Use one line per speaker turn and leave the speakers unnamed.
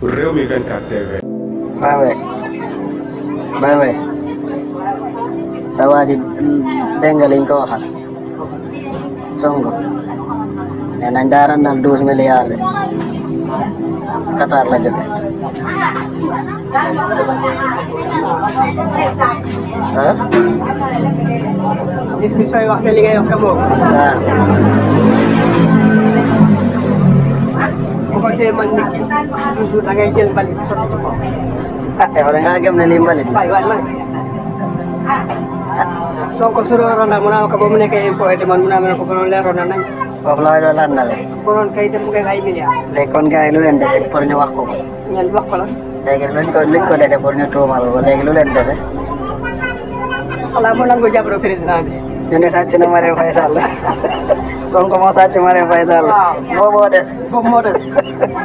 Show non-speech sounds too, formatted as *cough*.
pour Rewmi 24 TV.
Baay waay baay waay sa waa ji dégg ko waxal Qatar la jóge
ah.
Ini bisa sooy wax te li
gisee man nit ki toujours da ngay jël mbalit sotti ci kaw. ah yow da ngaa gëm ne lii mbalit la. waay waay man soo ko sori waroon daal mu naan ko ba mu nekkee impôt man mu naan ko ba noonu leeroon nañ. foofu la doon lan na le. bu doon kay dem kay ay milliards.
léegi kon gars yi lu leen dese pour ñu wax ko. ñoom wax ko la. léegi luñ ko luñ ko dese pour ñu tuumal ko léegi lu leen dese. xalaat mu nangu jàppale président bi. ñu ne sàcc na Marème Faye Sall. *laughs* Sonko moo sàcc Marème Faye Sall moo moo des. *laughs*